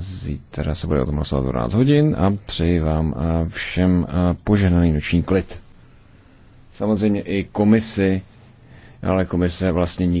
Zítra se bude o tom hlasovat 12 hodin a přeji vám eh, všem eh, požehnaný noční klid. Samozřejmě i komisi, ale komise vlastně nikdy